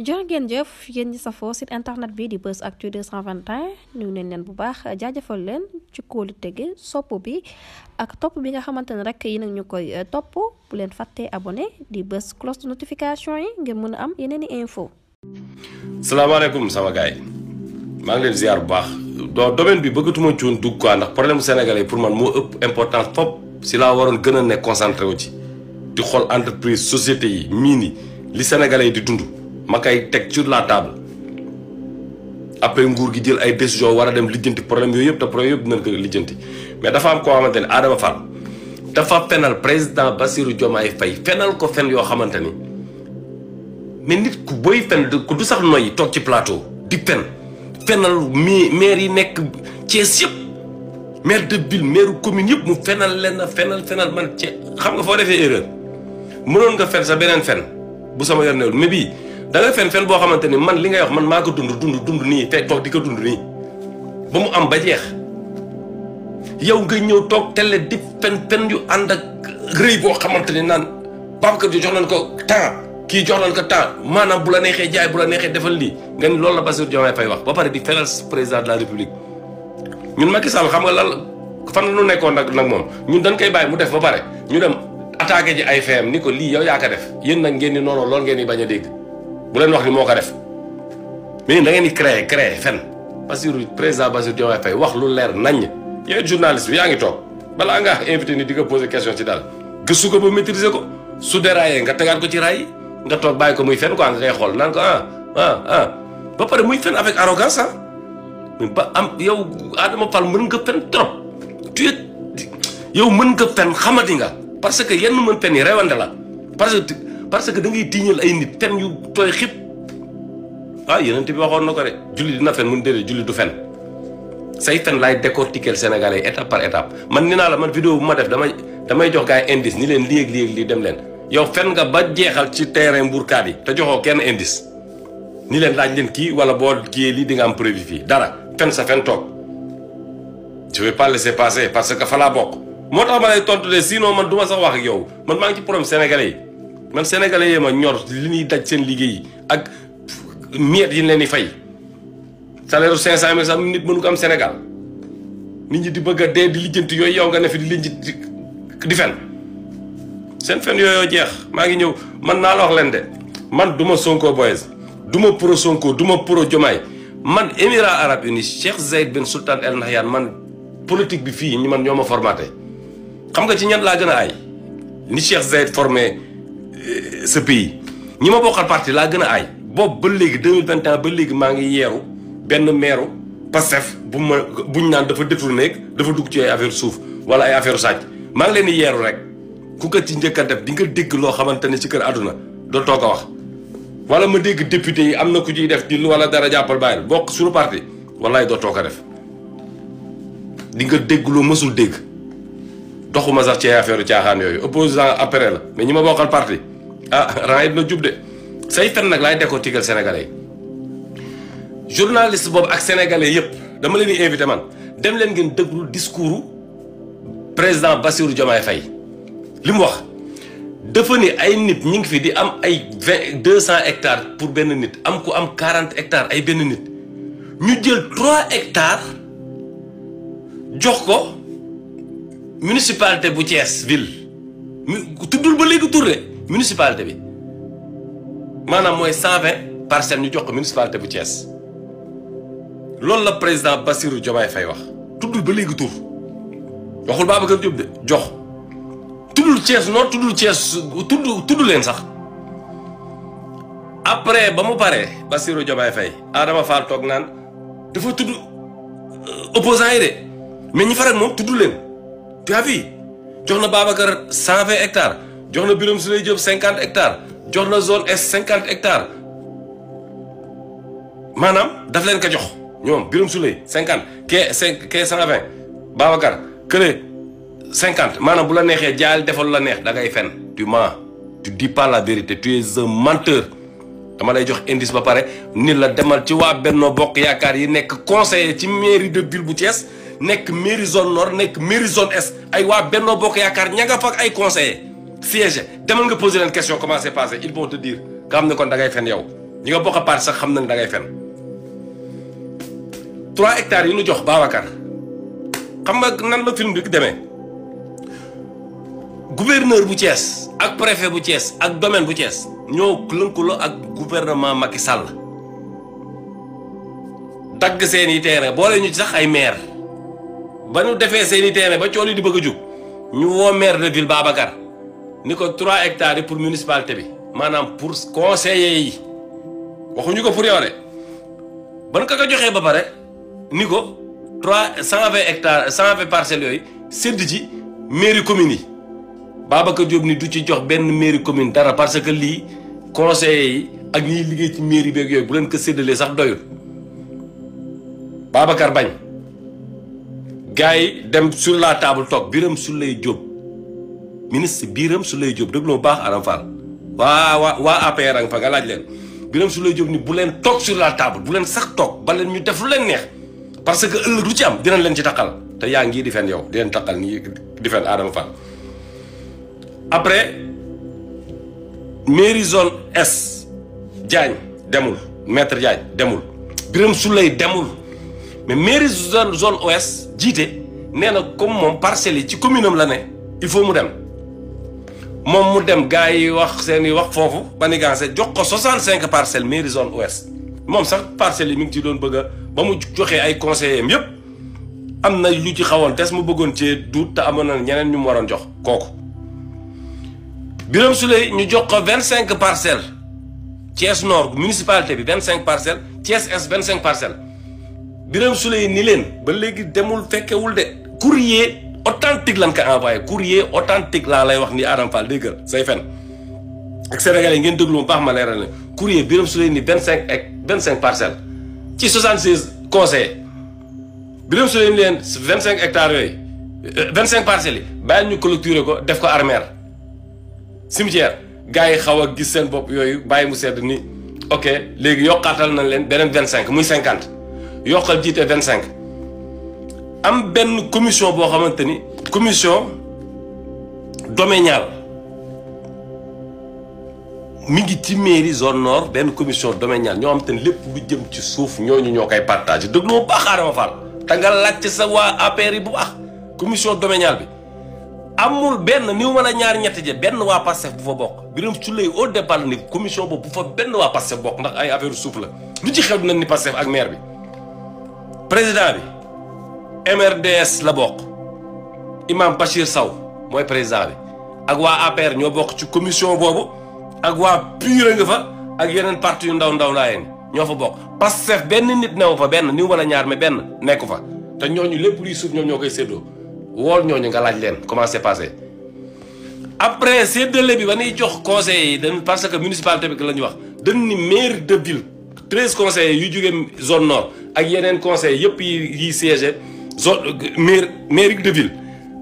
jërë ngeen jëf yéen ñi safoo site internet bi di Buzz Actu 221 ñu neen leen bu baax jaajëfal leen ci kóolu tege sopp bi ak topp bi nga xamante ne rek yi nag ñu koy eh, topp bu leen fàttee abonné di bës cloche de notification yi ngir mën a am yeneen i info salaamaaleykum sama gars yi maa ngi leen ziar bu baax do domaine bi bëggatuma cuun dugg quoi ndax problème sénégalais pour man moo ëpp importance fop si laa waroon gën a ne concentré wu ci di xool entreprise société yi miin yi li sénégalais yi di dund ma koy teg sur la table après nguur gi jël ay décision war a dem lijjanti problème yooyu yëpp te problème yëpp dinañ ko lijjanti mais dafa am koo xamante ne Adama Fall dafa fenal président Bassirou Diomaye Faye fenal ko fen yoo xamante ni mais nit ku booy fen ku du sax noyyi toog ci plateau di fen fenal mi mair yi nekk Thiès yëpp maire de ville maire commune yëpp mu fenal leen fenal fenal man ci xam nga foo defee erreur mënoon nga fen sa beneen fen bu sama yor newul mais da ngay boo xamante ni man li ngay wax man maa ko dund dund dund nii te toog di ko dund nii ba mu am ba jeex yow nga ñëw toog télé di fen fen yu ànd ak rëy boo xamante ni naan Babacar di jox nañ ko temps kii jox nañ ko temps maanaam bu la neexee jaay bu la neexee defal lii nga ni loolu la Bassirou Diomaye Faye wax ba pare di fenal président de la république ñun Macky Sall xam nga lan fan la ñu nekkoon nag nag moom ñun dañ koy bàyyi mu def ba pare ñu dem attaqué ji ay feem ni ko lii yow yaa ko def yéen nag ngeen di noonu loolu ngeen di bañ a dégg. bu leen wax ni moo ko def mais da ngeen di créer créer fen Bassirou président Bassirou Diomaye Faye wax lu leer nañ yow journaliste bi yaa ngi toog balaa nga invité ni di nga poser question ci daal gëstu ko ba maîtriser ko su déraillé nga tegaat ko ci raay nga toog bàyyi ko muy fen quoi nga koy xool naan ko ah ah ah ba pare muy fen avec arrogance ah ba am yow aadama Fall mën nga fen trop tu yow mën nga fen xamati nga parce que yenn mën fen yi rewande la parce parce que da ngay tiiñal ay nit fen yu tooy xib ah yeneen bi waxoon na ko de julli dina fen mun déedéet julli du fen say fen laay décortiquer Sénégalais yi étape par étape man ni naa la man vidéo bu ma def damay damay jox gars yi ni leen léeg léeg lii dem leen yow fen nga ba jeexal ci terrain mbuurkaat yi te joxoo kenn indice ni leen laaj leen kii wala boo kii lii dinga am prévu fii dara fen sa fen toog je vais pas laisser passer parce que fa laa moo tax ma lay tontu de sinon man sax wax ak yow man maa ngi ci problème sénégalais yi man sénégalais yee ma ñor li ñuy daj seen liggéey ak miet yi leen di fay salaire cinq cent mille sax nit mënu am Sénégal nit ñi di bëgg a dee di lijjanti yooyu yow nga ne fi di lijjanti di fen seen fen yooyu jeex maa ngi ñëw man naa la wax leen de man du ma Sonko boys du ma pro Sonko du ma pro Jomaay man Émirats arabes unis Cheikh Zayed bin Sultan El Nahyan man politique bi fii ñu man ñooma ma formaté xam nga ci ñan laa gën a aay ni Cheikh formé. ce pays ñi ma bokkal parti laa gën a ay boobu ba léegi 2021 ba léegi maa ngi yeeru benn meeru Pastef bu ma buñ naan dafa détourné dafa dugg ci ay affaire suuf wala ay affaire sàcc maa ngi leen di yeeru rek ku ko ci njëkka def di nga dégg loo xamante ne ci kër àdduna doo toog a wax wala ma dégg député yi am na ku ciy def di wala dara jàppal bàyyil bokk suñu parti wallaay doo toog a def di nga dégg lu mësul dégg doxuma sax ci ay affaire caaxaan yooyu opposant après la mais ñi ma bokkal parti ah raayib na jub de say fen nag laay dekoo tigal sénégalais yi journaliste boobu ak sénégalais yëpp dama leen di invité man dem leen ngeen déglu discours président Bassirou Diomaye fay li mu wax dafa ni ay nit ñu ngi fi di am ay vingt deux cent hectares pour benn nit am ku am quarante hectares ay benn nit ñu jël trois hectares jox ko municipalité bu Thiès ville tuddul ba léegi tur municipalité bi maanaam mooy cent vingt ñu jox ko municipalité bu cees loolu la président Bassirou Diomaye Faye wax. tuddul ba léegi tur waxul Babacar Diop de jox tuddul Thiès Nord tuddul Thiès tudd tudd leen sax après ba mu paree Bassirou Diomaye Faye Adama Fall toog naan dafa tudd euh, opposants yi de mais ñi faral moom tudd leen tu as jox na Babacar cent vingt hectares. jox na Birame Souleye Diop cinquante hectares jox na zone est cinquante hectares maanaam daf leen ko jox ñoom Birame Souleye cinquante kee cinq kee cent vingt Babacar kële cinquante maanaam bu la neexee jaayal defal la neex dangay fen tu mens tu dis pas la vérité tu es un menteur dama lay jox indice ba pare nit la demal ci waa Benno Bokk Yaakaar yi nekk conseiller ci mairie de ville bu Thiès nekk mairie zone nord nekk mairie zone est ay waa Benno Bokk Yaakaar ña nga ay conseillers. siège demal nga poser question comment c'est passé ils vont te dire nga xam ne kon da ngay fen yow ñi nga bokk a parti sax xam nañ da fen trois hectares yu ñu jox Babacar xam nga nan la film bi demee gouverneur bu Thiès ak préfet bu cees ak domaine bu cees ñoo lëkkaloo ak gouvernement Macky Sall dagg seeni terrain boole ñu sax ay maire ba ñu defee seeni teree ba coono di bëgg a jug ñu woo maire de ville Babacar. ni ko trois hectares yi pour municipalité bi maanaam pour conseiller yi waxuñu ko pour yow de ban ko ko joxee ba pare ni ko 3 120 hectares 120 parcelles yooyu sédd ci mairie commune yi Babacar Diop ni du ci jox benn mairie commune dara parce que lii conseillers yi ak ñiy liggéey ci mairie beeg yooyu bu leen ko séddalee sax doyul Babacar bañ gars yi dem sur la table toog Birame Souleye Diop. ministre Birame Souleye Diop dégloo baax Aram Fall waa waa waa APR a nga fa nga laaj leen Birame Souleye Diop ni bu leen toog sur la table bu leen sax toog ba leen ñu def lu leen neex parce que ëllëg lu ci am dinañ leen ci taqal te yaa ngi difeen fen yow di leen taqal nii di fen Adama après mairie zone S Diagne demul maître Diagne demul Birame Souleye demul mais mairie zone zone ouest jiite nee na comme moom parcelles yi ci commune am la ne il faut mu dem moom mu dem gars yi wax seen i wax foofu Banigance jox ko 65 parcelles mairie zone ouest moom sax parcelle yi mi ngi ci doon bëgg ba mu joxee ay conseillers yëpp am na yu ci xawoon tes mu bëggoon cee duut te amoon na ñeneen ñu mu waroon jox kooku. Birame Souleye ñu jox ko parcelle parcelles Thiès Nord municipalité bi 25 parcelles Thiès Est 25 parcelles Birame Souleye ni leen ba léegi demul fekkewul de courrier. authentique lan ko envoyé courrier authentique laa lay wax ni Adama Fall dégg nga say fen ak yi ngeen déglu mu baax ma leeral ne courrier Birame Souleye ni vingt cinq ak vingt cinq parcelles ci soixante seize conseillers Birame Souleye leen vingt cinq hectares yooyu euh, vingt cinq parcelles yi bàyyi ñu clôturer ko def ko armère cimetière gars yi xaw a gis seen bopp yooyu bàyyi mu sedd ni ok léegi yokkaatal nañ leen beneen vingt cinq muy cinquante yokkal jiite vingt cinq am benn commission boo xamante ni commission domaniale mi ngi ci mairie zone nord benn commission domaniale ñoo xamante ni lépp lu jëm ci suuf ñoo ñu ñoo koy partagé dégloo baax Adama Fall te nga laajte sa waa APR yi bu baax commission domaniale bi amul benn ni wala ñaar ñetti je benn waa Pastef bu fa bokk Birame Souleye au départ ni commission boobu bu fa benn waa Pastef bokk ndax ay affaire suuf la lu ci xew dinañ ni Pastef ak maire bi président bi MRDS la bokk imam Bachir saw mooy président bi ak waa APR ñoo bokk ci commission boobu ak waa PUR nga fa ak yeneen parti yu ndaw ndaw laayeen ñoo fa bokk Pastef benn nit newu fa benn ni wala ñaar mais benn nekk fa te ñooñu lépp luy suuf ñoom ñoo koy séddoo wool ñooñu nga laaj leen comment c'est passé après séddale bi ba ñuy jox conseil yi dañ parce que municipalité bi la ñuy wax dañ ni maire de treize conseillers yu jógee zone nord ak yeneen conseil yëpp yi yi siège so maire mairie de ville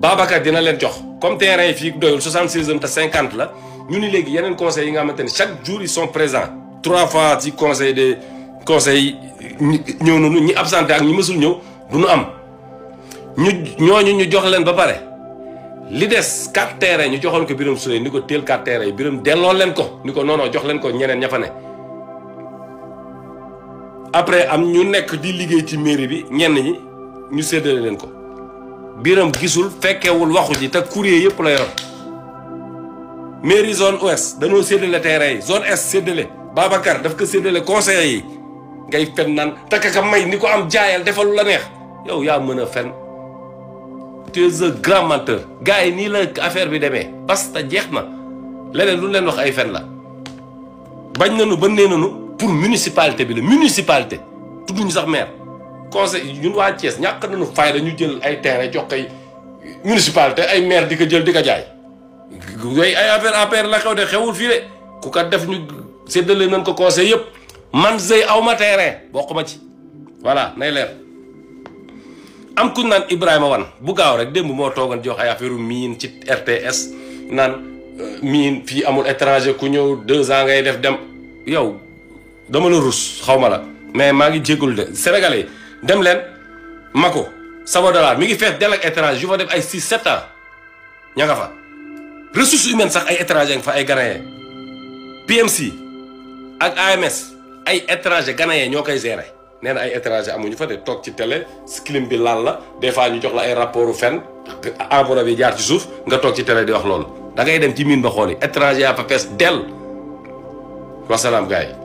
Babacar dina leen jox comme terrain yi fii doyul 66 te 50 la ñu ni léegi yeneen conseils yi nga xamante ne chaque jour ils son présents trois fois ci conseil des conseils ñëw nañu ñi absenté ak ñu mësul ñëw du nu am ñu ñooñu ñu jox leen ba pare li des quatre terrain ñu joxoon ko biram Souleye ni ko teel quatre terrain yi Birame delloo leen ko ni ko non jox leen ko ñeneen ña fa ne. après am ñu nekk di liggéey ci mairie bi ñenn ñi. ñu séddale leen ko biram gisul fekkewul waxu ji te courrier yëpp la yoroon mairie zone ouest danoo séddale terrain yi zone est séddale Babacar daf ko séddale conseillers yi ngay fen naan takaka may ni ko am jaayal defal lu la neex yow yaa mën a fen tu es un grand menteur gars yi nii la affaire bi demee parce que jeex na leneen lu leen wax ay fen la bañ nu ba nee nañu pour municipalité bi la municipalité tudduñu sax meer conseil ñun waa Thiès ñàkk nañu fayda ñu jël ay terrain jox kay municipalité ay maire di ko jël di ko jaay. yooyu ay affaire affaire la xew de xewul fii de ku kat def ñu séddale nañ ko conseil yëpp man sëy aw ma terrain bokk ma ci voilà nay leer. am ku naan Ibrahima wan bu gaaw rek démb moo toogoon jox ay affaire miin ci RTS naan euh, miin fii amul étranger ku ñëw deux ans ngay def dem yow dama la rus xaw ma la mais maa ngi jégalu de sénégalais. dem leen Mako Savo dollar mi ngi fees dell ak étranger yu fa def ay 6 7 ans ña fa ressources humaines sax ay étranger nga fa ay ganayen PMC ak AMS ay étranger ganayen ñoo koy gérer nee na ay étranger amuñu fa de toog ci télé clim bi laal la des fois ñu jox la ay rapportu fen enveloppe bi jaar ci suuf nga toog ci télé di wax loolu da dem ci miin ba xool yi étranger yaa fa fees dell wasalaam gars yi